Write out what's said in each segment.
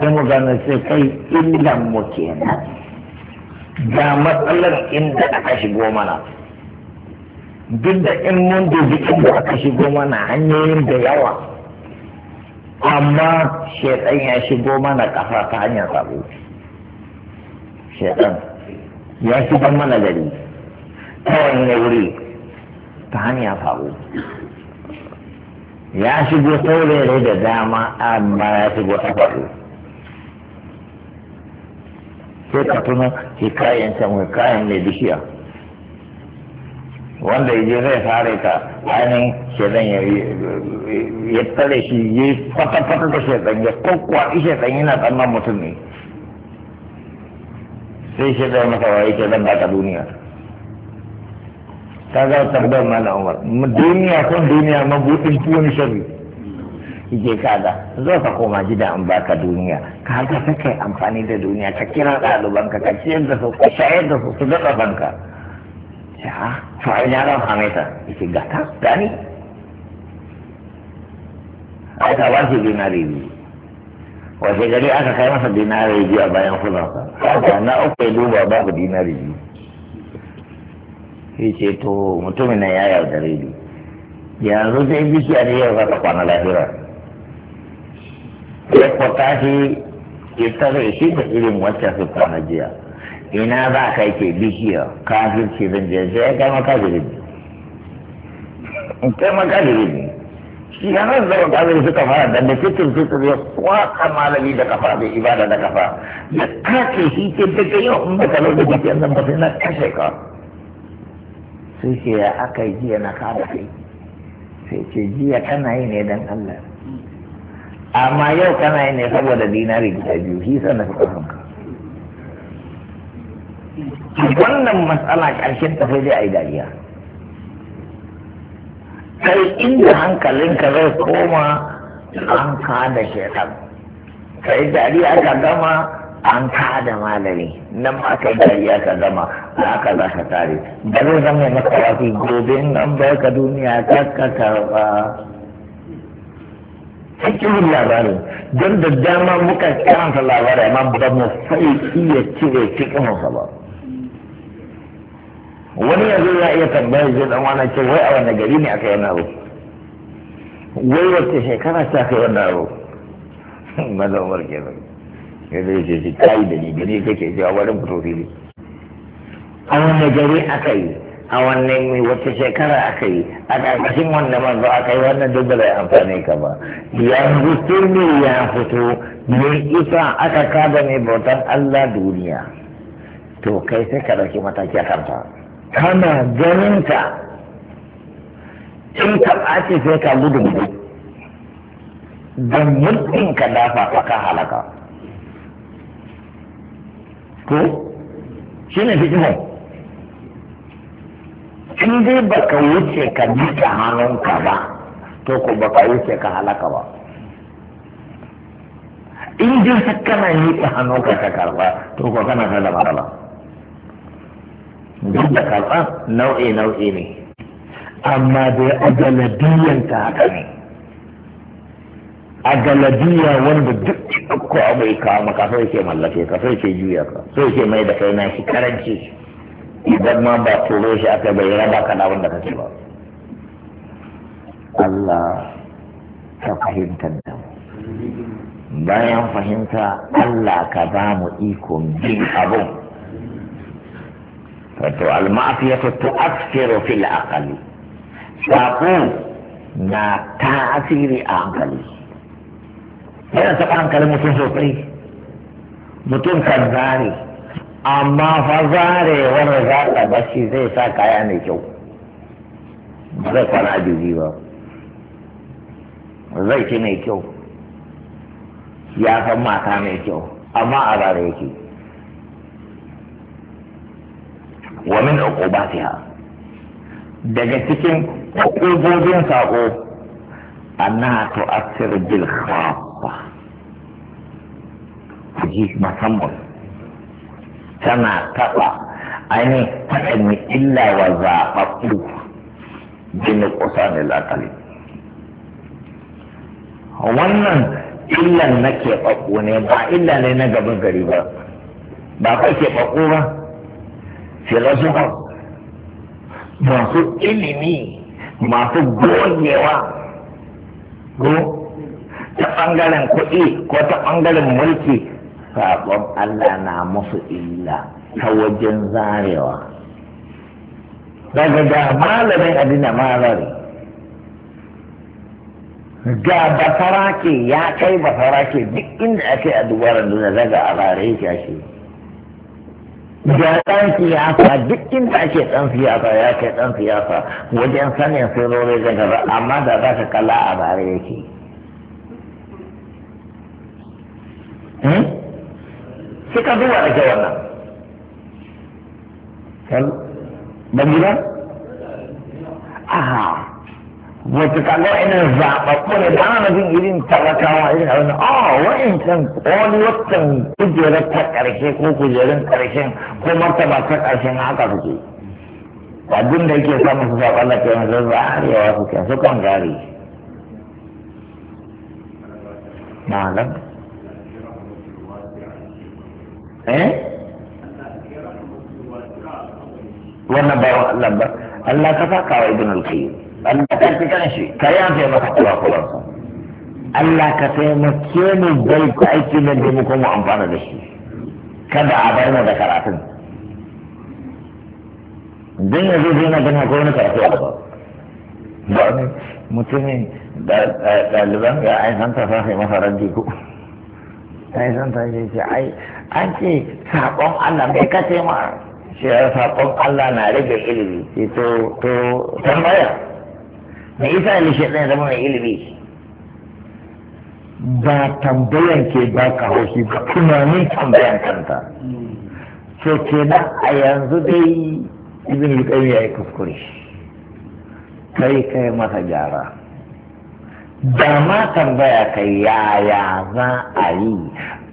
sai mu gane sai kai illan mu kenan ga matsalar inda aka shigo mana duk da in mun dubi inda aka shigo mana hanyoyin da yawa amma shaitan ya shigo mana kafa ta hanyar sabo shaitan ya shigo mana gari ta wani wuri ta hanyar sabo ya shigo saurare da dama amma ya shigo tafaru sai ka tuna hikayen can hikayen mai bishiya wanda yaje zai fara ka ainihin shaidan ya tare shi ya yi fata-fata da shaidan ya kwakwa shaidan yana tsannan mutum ne sai shaidan masa waye shaidan ba ta duniya Ka ga ta da mala umar duniya kan duniya ma mabutin tuwon sharri ije kaga zo ka koma gida an baka duniya ka haka ta kai amfani da duniya ka kira ɗalibanka ka ciyar da su ka shayar da su su daɗa banka ya to ai na ran hame ta yake gata gani ai ka wasu dinari biyu wace gari aka kai masa dinari biyu a bayan fulansa na uku ya duba babu dinari biyu shi ce to mutumin nan ya yaudare ni yanzu dai bishiya ne yau za ta kwana lahira ya kwata shi ya shi da irin wacce su kwana jiya ina za ka ke bishiya kafirci zan je sai ya kai makafirin in kai makafirin ne shi na zama kafin suka fara da da fitin fitin ya kwaka malami da kafa da ibada da kafa ya kace shi ke daga yau in da lokaci yanzu ba sai na kashe ka sai ce ya aka yi jiya na kada kai sai ce jiya kana yi ne don Allah amma yau kana yi ne saboda dinari guda biyu shi na fi wannan matsala ƙarshen ta sai dai a yi dariya kai inda hankalinka zai koma an kada shekaru kai dariya ka gama an kada malami nan ma ka dariya ka gama a haka za ka tare da zai zama maka wafi gobe in an bai ka duniya ka ka karba cikin labarin don da dama muka karanta labarai amma ba mu sai iya cire cikin ba wani yanzu ya iya tambaya zai dan wani ce wai a wani gari ne aka yi naro wai wacce shekara ta kai wannan aro mazaumar kenan ya zai kayi da ni ne kake warin fito fili a wanne gari aka yi a wanne mai wata shekara aka yi a ƙarƙashin wannan manzo aka yi wannan duk ba ya amfani ka ba yanzu ne ya fito ne isa aka kada mai bautan Allah duniya to kai sai ka ɗauki mataki a kanta kana ganin in ka ɓace sai ka gudu da mutum ka dafa ka halaka ko shi ne fikihu in dai ba ka wuce ka miƙa hannunka ba to ko ba ka wuce ka halaka ba in dai ka kana ta hannunka ka karba to ko kana kada ba duk da karba nau'i nau'i ne amma dai ajaladiyyanta haka ne a galabiya wanda duk ɗauko abu ya kawo maka sai ke mallake ka sai ke juya ka sai ke mai da kai na shi karanci idan ma ba turo shi aka bai raba ka da wanda kake ba Allah ka fahimta da bayan fahimta Allah ka ba mu ikon bin abun wato al-ma'afiyatu tu'assiru fil aqli sako na ta'asiri a hankali yana taɓa hankalin mutum sosai mutum kan zare amma fa zare wani zaɓa ba shi zai sa kaya mai kyau ba zai kwana jirgi ba zai ci mai kyau ya san mata mai kyau amma a zare yake wa min uqubatiha daga cikin uqubobin sako annaha tu'assiru bil khaf kwakwa ji musamman tana taɓa ainihin ah, faɗin illa wa zaɓaɓɓu jini kusa ne lakali wannan illan na keɓaɓɓu ne ba illa ne na gaban gari ba ba kai keɓaɓɓu ba filosofa masu ilimi masu gogewa ko ta ɓangaren kuɗi ko ta ɓangaren mulki sabon Allah na musu illa ta wajen zarewa daga ga malamin adina malari ga basarake ya kai basarake duk inda ake a dubaran duniya daga a rare ya shi ga ɗan siyasa duk inda ake ɗan siyasa ya kai ɗan siyasa wajen sanin sirrori daga amma da za ka kala a bare yake Hmm? suka duba da ke wannan Kan gida aha wata kaga wa'ina zaɓaɓɓu ne ba na jin irin talakawa irin a wani oh ah, wa'incan wani watan kujerar ta ƙarshe ko kujerar ƙarshen ko martaba ta ƙarshen haka suke abin da yake samun su zaɓar da kai yanzu za a arewa suke sukan gari malam Eh? wannan wannan wa Allah ba Allah ka saka wa ibn al-qayyim Allah ka ci kanshi ka yafe masa kurakuran Allah ka taimake mu bai ku aiki da mu kuma amfana da shi kada a bar mu da karatun dan yanzu zai na gana ko wani karatu ba gaba ba ne mutumin ɗaliban ya ai san ta sa sai masa raddi ku ai san ta ce ai an ce saƙon Allah bai kace ma shi saƙon Allah na rage ilimi sai to to tambaya me yasa ne shi zai zama mai ilimi ba tambayan ke ba ka haushi ba tunanin tambayan kanta to kenan a yanzu dai Ibin al ya yi kuskure kai kai masa gyara Dama tambaya kai yaya za a yi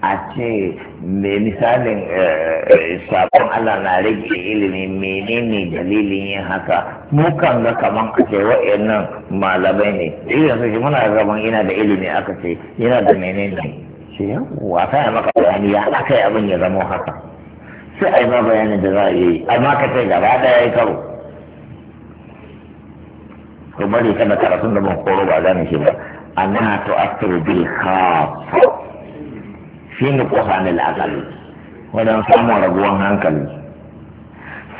a ce mai misalin eh, eh, sakon Allah na rage ilimi menene dalilin yin haka mukan ga kaman a ce wa'annan malamai ne irin su shi muna ina da ilimi aka ce yana da menene shi wasa ya maka bayani ya aka yi abin ya zama haka sai a yi ma bayani da za a yi amma ka ce gaba daya ya yi karo to bari kada karatun da ban koro ba gane shi ba annaha tu'athiru bil khaf fi nuqsanil aqal wadan samun raguwan hankali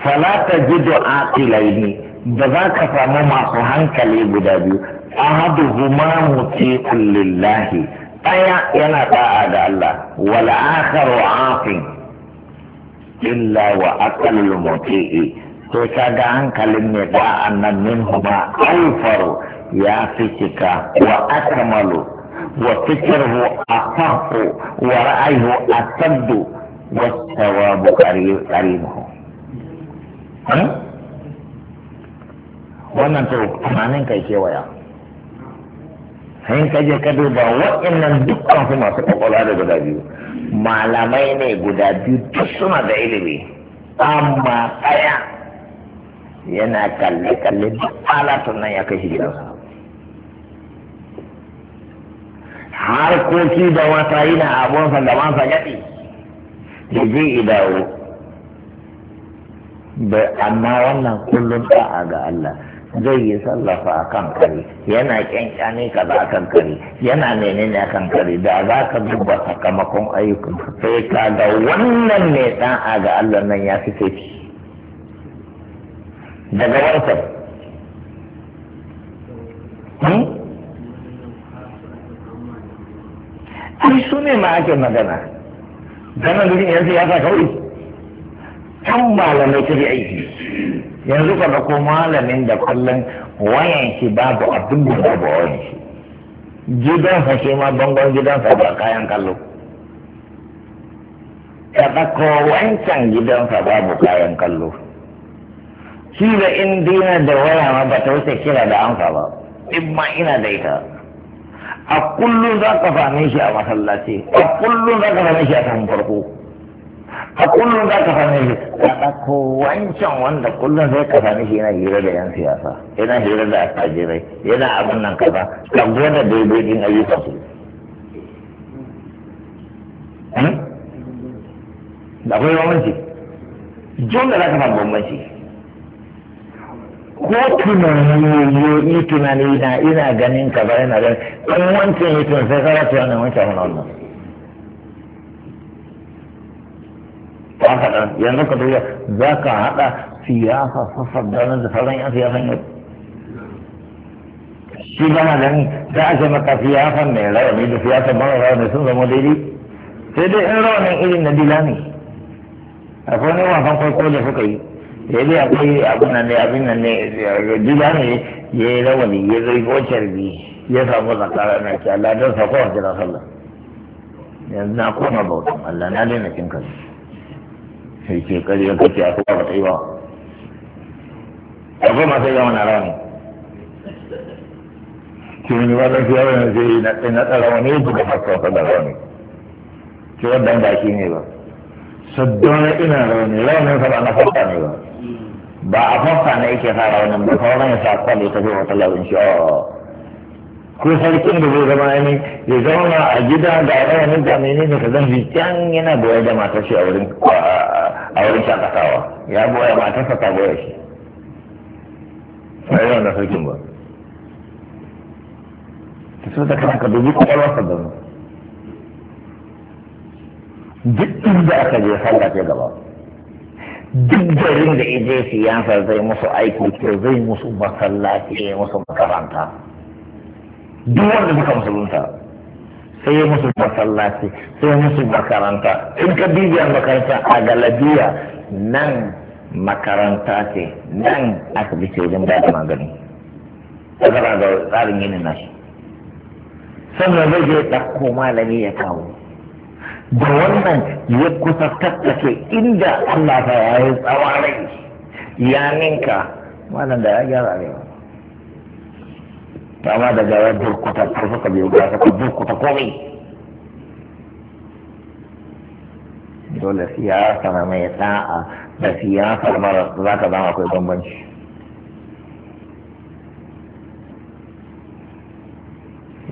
fala tajidu aqilaini da za ka samu masu hankali guda biyu ahaduhuma mutiqun lillahi Aya yana da'a da Allah wal akharu afin illa wa aqallul muti'i to kaga hankalin ne da'an nan min huma alfaru ya fi cika wa akmalu وفكره أصح ورأيه أسد والثواب قريبه wannan to tunanin kai kewaya sai ka je ka duba waɗannan dukkan su masu kwakwalwa da guda biyu malamai ne guda biyu duk suna da ilimi amma ɗaya yana kalle-kalle duk alatun nan ya kai shi gidansa harkoki da wata yana abunsa da mansa gaɗi ya je idawo amma wannan kullum ɗa'a ga Allah zai yi sallafa a kan kare yana kyankyane kaza a kan kare yana menene a kan kare da za ka duba sakamakon ayyukan sai ka ga wannan mai ɗa'a ga Allah nan ya fi sai daga wancan hmm? ne ma ake magana ganin gudun yanzu ya sa kawai kan malamai ta aiki yanzu ka ko malamin da kullum wayan shi babu abin da babu wayan shi gidansa ma bangon gidan sa ba kayan kallo ka ɗauko wancan gidan gidansa babu kayan kallo shi da in dina da waya ma ba ta wuce kira da amsa ba in ma ina da ita a kullum za ka same shi a masallaci a kullum za ka same shi a kan farko a kullum za ka same shi a ɗauko wancan wanda kullum sai ka same shi yana hira da 'yan siyasa yana hira da attajirai yana abin nan kaza ka gwada daidai din ayyukan su hmm? da akwai bambanci dole za ka samu bambanci ko tunani yoyo yi tunani na ina ganin ka ba yana ganin ɗan wancan yi tun sai kana tunani wancan wani wannan haka ɗan yanzu ka duba za ka haɗa siyasa sassar da da sauran yan siyasan yau shi ba na ganin za a ce maka siyasan mai rawani da siyasan mara rawani sun zama daidai sai dai in rawanin irin na dila ne akwai wani wasan kwaikwayo da suka yi sai dai akwai abin nan ne abin nan ne gida ne ya yi rawani ya zai gocar bi ya samu zakara na ke Allah don sa kowa kira sallah yanzu na koma bautan Allah na daina kin kaji sai ke kare ya kace a kowa ba ta yi ba akwai masu yawa na rawani ke wani ba zan fiye wani zai na tsara wani ya buga masu wasan da rawani ke wadda ba shi ne ba saddon ina rauni raunin sa ba na farka ne ba ba a farka ne yake sa raunin ba kawai ya sa kwallo ta fi wata lauyin shi oh. ko sarkin da zai zama ne ya zauna a gida ga raunin da mene ne ka zan fi can yana goya da matar shi a wurin a wurin shakatawa ya goya matar sa ta goya shi sai yawan da sarkin ba ta so da ka dubi kwakwalwarsa da mu duk inda aka je sallah ta gaba duk garin da ije siyasa zai musu aiki ko zai musu masallaci ya musu makaranta duk wanda suka musulunta sai ya musu masallaci sai musu makaranta in ka bibiyar makaranta a galabiya nan makaranta ce nan aka bi ce wajen bada magani tsara da tsarin yinin nashi sannan zai je ɗauko malami ya kawo da wannan ya kusa tattace inda Allah ta ya yi tsawarai ya ninka wannan da ya gyara ne ta ma da gawar burkuta ta suka biyu ga suka burkuta komai dole siyasa na mai sa'a da siyasar mara za ka zama akwai bambanci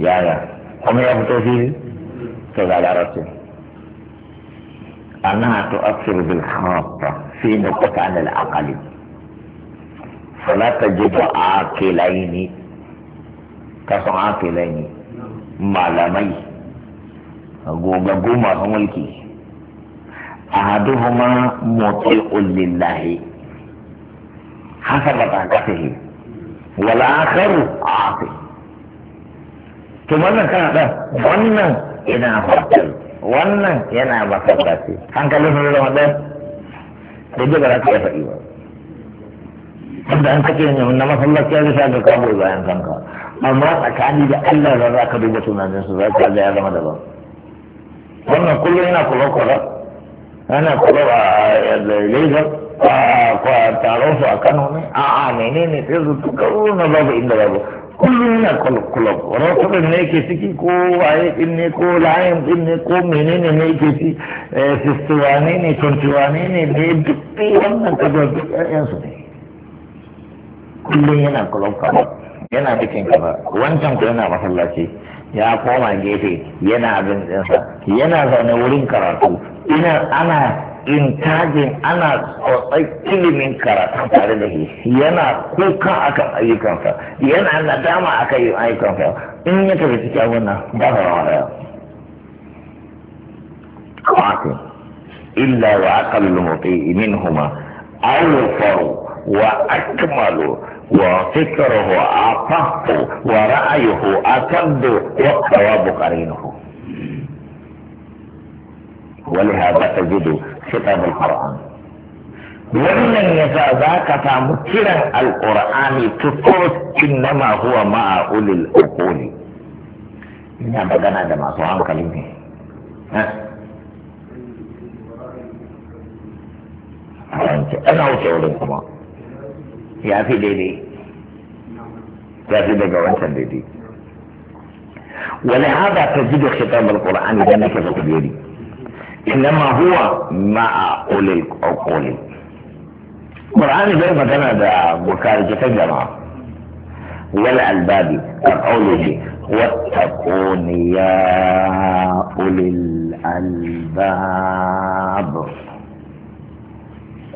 yaya kuma ya fito fili to ga larabcin أنها تؤثر بالخاصة في نقطة عن العقل فلا تجد عاقلين كسو عاقلين malamai gogaggu masu mulki a haduhuma motsi lillahi hasa ba ta kafihi wala akharu afi to wannan kana da wannan ina fatar wannan yana masallaci hankalin sun zama ɗan da ji ba za ka iya faɗi ba wanda an kake ne na masallaci ya zai ga kabo bayan kanka amma tsakani da Allah da za ka duba tunanin su za ka zai ya zama daban wannan kullum yana kula kula yana kula a Lagos a taron su a Kano ne a menene sai su tukaru na babu inda babu kullum yana kulob ɗin ne yake ciki ko waye din ne ko layin din ne ko menene ne yake ci eh, sistuwa ne ne tuntuwa ne ne duk wannan kaza duk yansu ne kullum yana kulob kaza yana bikin kaba wancan ku yana masallaci ya koma gefe yana abin ɗinsa yana zaune wurin karatu ina ana intajin ana tsotsai ilimin karatu tare da shi yana kuka a kan ayyukansa yana nadama a kan ayyukansa in ya tafi cikin wannan ba ka sa waya kawai illa wa aqallu imin huma awfaru wa akmalu wa a afahu wa ra'ayuhu a akaddu wa thawabu qarinuhu ولهذا تجد كتاب القرآن ومن يتذاك تامكرا القرآن تقول إنما هو مع أولي الأقول إنما يعني بدنا هذا ما كلمة ها أنا أقول لكم يا في ديدي يا في ديدي وانت ديدي ولهذا تجد خطاب القرآن إذا نكفت بيدي إنما هو مع أولي العقول القرآن زي ما كان ده بكارجة الجماعة والألباب كقوله واتقون يا أولي الألباب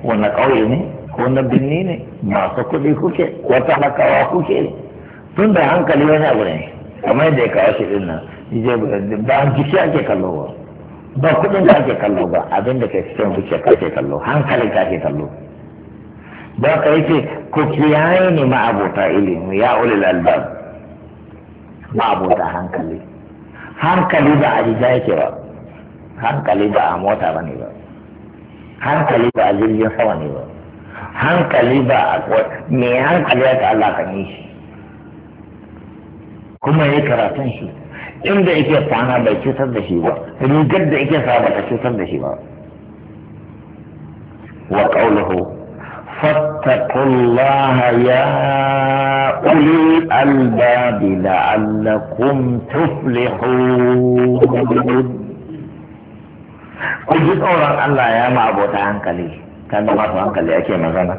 كون قوي ne ko na binni ne masu kuɗi kuke ko talakawa kuke tun da hankali wani abu ne kamar yadda ya kawo shi ba jiki ake kallo ba ba kudin ka ke kallo ba abin da kai cikin kuke ka ke kallo hankalin ka ke kallo ba ka ce ku kiyaye ne ma'abota ilimi ya ulil albab ma'abota hankali hankali ba a jija yake ba hankali ba a mota ba ne ba hankali ba a jirgin sama ne ba hankali ba a mai hankali ya ta Allah kan yi shi kuma ya karatun shi inda yake kwana bai cutar da shi ba rigar da yake sa ba ta cutar da shi ba wa qawluhu فاتقوا الله يا أولي الألباب لعلكم تفلحون ku ji tsoron Allah ya ma abota hankali kan da masu hankali ake magana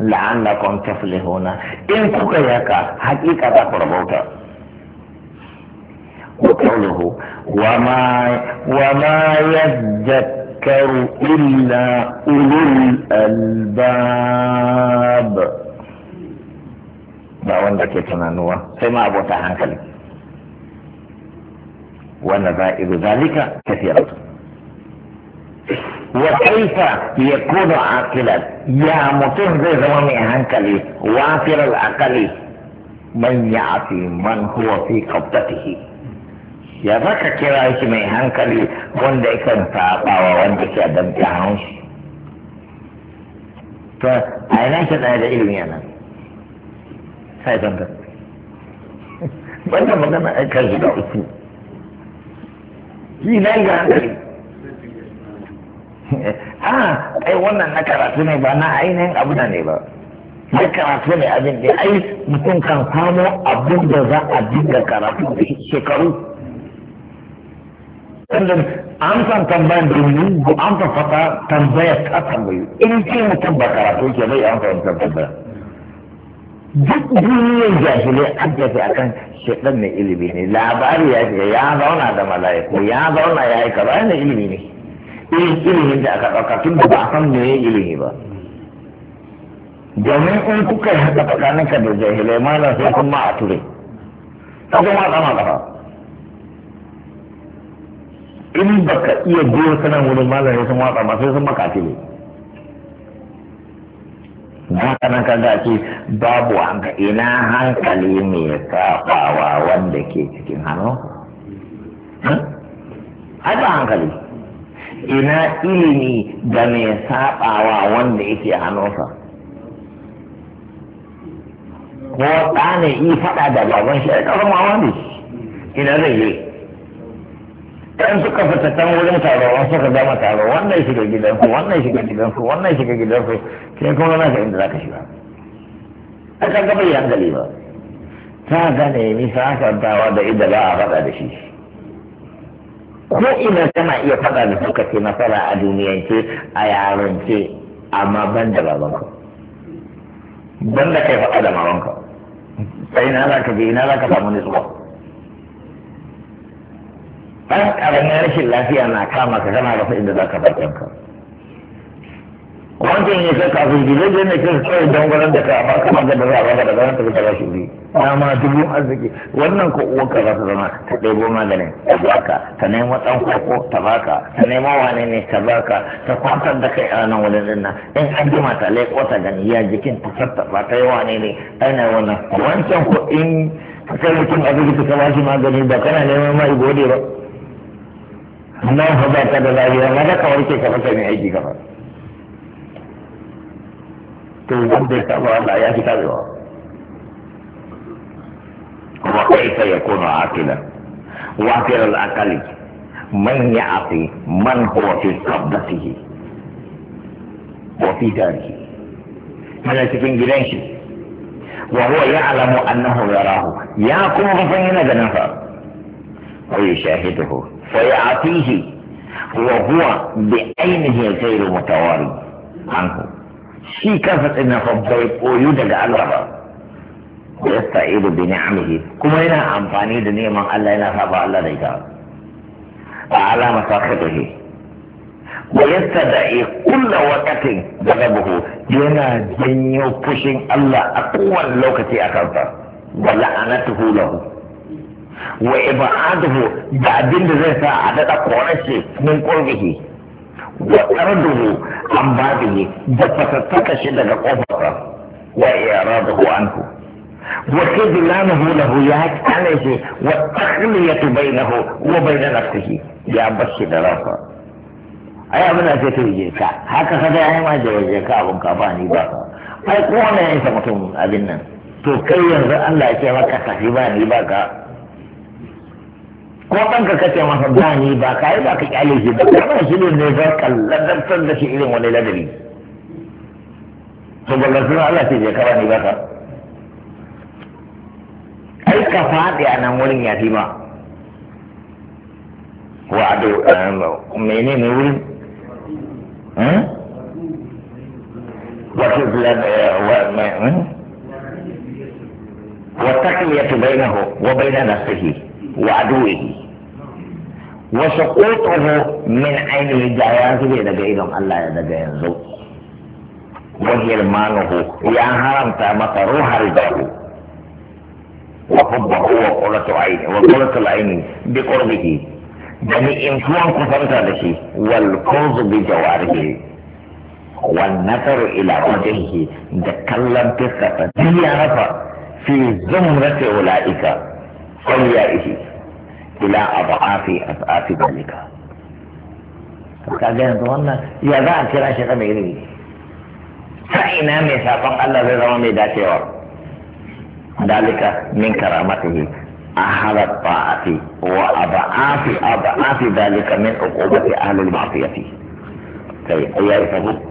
la'allakum tuflihuna in kuka yaka hakika za ku rabauta وقوله وما, وما يذكر إلا أولو الألباب ما عندك يتنانوا فيما أبو تحنكلي ونبائل ذلك كثيرة. وكيف يكون عاقلا يا متهد زمان هنكلي وافر العقل من يعطي من هو في قبضته ya za ka kira shi mai hankali wanda yakan saɓawa wanda ke da ta shi to a yana shi ɗaya da ilimi a nan sai don da. wannan magana a kan shiga uku shi na ga hankali a ah, ai wannan na karatu ne ba na ainihin abu da ne ba na karatu ne abin da ai mutum kan samu abin da za a dinga karatu da shekaru sannan amsan tambayan domin bu amsa fata tambaya ta tambayu in ce mutum ba karatu ke bai amsa wancan tambaya duk duniyar jahilai an tafi akan shaɗan na ilimi ne labari ya ce ya zauna da mala'iku ya zauna ya yi kaza yana ilimi ne irin ilimin da aka ɗauka tun da ba a san me ilimi ba domin in kuka yi haka tsakaninka da jahilai mana sai kuma a ture ta kuma tsama kafa in ba ka iya biyo sanan wurin malam ya san watsa ba sai sun maka ne na kana ka ga ce babu hankali ina hankali mai safawa wanda ke cikin hannu hmm? ai ba hankali ina ilimi da mai saɓawa wanda yake hannunsa ko ɗane yi faɗa da baban shi ai ƙasar mawa ne ina zai yi dan suka fita can wurin taron suka gama taro wannan shiga gidansu wannan shiga gidansu wannan shiga gidansu ke kuma na ga inda za ka shiga a kan gaba yi hankali ba ta gane ni dawa da idan za a fada da shi ko ina tana iya faɗa da suka ce nasara a duniyance a yarance amma ban da babanka ban da kai fada da mamanka sai na za ka je na za ka samu nutsuwa ɗan ƙaramin rashin lafiya na kama ka kana rasa inda za ka ba kanka wancan ya kai kafin gida zai ne kai kawai dangwaran da ka ba ka ga da za a da ganin ta fita rashin bi dama dubu arziki wannan ko uwan ka za ta zama ta ɗebo maganin ta baka ta nemo ɗan kwakwo ta baka ta nemo wane ne ta baka ta kwantar da kai a nan wani ɗin nan in an jima ta leƙo ta gani ya jikin ta ba ta yi wane ne ana wannan wancan ko in ka kai mutum arziki ka ba shi magani ba kana neman ma igode ba. na ba ka da lafiya na da kawai ke kafa kai aiki gaba to wanda ya saba Allah ya fi tabewa kuma kai sai ya koma akila wafir al-akali man ya afi man huwa fi qabdatihi wa fi darihi mana cikin gidan shi wa huwa ya'lamu annahu yarahu ya kuma fa yana ganin fa wa yashahiduhu فيعطيه وهو بعينه غير متواري عنه شي كفت ان فضيب ويدد الله ويستعيد بنعمه كما هنا أمفاني دنيما الله هنا فابا الله ديتا وعلى مساخطه ويستدعي كل وقت غضبه ينا جنيو فشن الله أقوى لوكتي أكلتا ولعنته له wa ibaduhu da abin da zai sa a daɗa ƙorace mun ƙorbihi wa tsarduhu an ba da fatattaka shi daga ƙofarsa wa iraduhu anhu wa kidlanuhu lahu ya kyale shi wa takhliyatu bainahu wa bain nafsihi ya bashi da rafa ai abin da sai ta yi ka haka ka ga ai ma da yi ka abun ka ba ni ba ai ko ne ya mutum abin nan to kai yanzu Allah ya ce maka tafi ba ni ba ka ko ɗanka kace masa gani ba ka ba ka kyale shi ba kana shi ne ne ba kalladantar da shi irin wani ladabi to ballan suna Allah ce je kara ne ba ka ai ka faɗi a nan wurin ya fi ma wa ado um, mene ne wurin hmm? wato eh, wa takliyatu bainahu hmm? wa baina nafsihi wa aduwihi wasu ƙoƙoho min ainihi jaya zube daga idon Allah ya daga yanzu wajiyar manuhu ya haramta masa ruhar jahu wa hubbahu wa qurratu aini bi qurbihi da ni in tuwan da shi wal kunzu ila da kallon fiskarsa ya rafa fi zumrati ulaika qawliya الى اضعاف اضعاف ذلك فكان ظننا يا ذا ترى شيء غيري فإن ميثاقا الذي ظلم ذاك ذلك من كرامته أهل الطاعة وأضعاف أضعاف ذلك من عقوبة أهل المعصية طيب أيها الفضل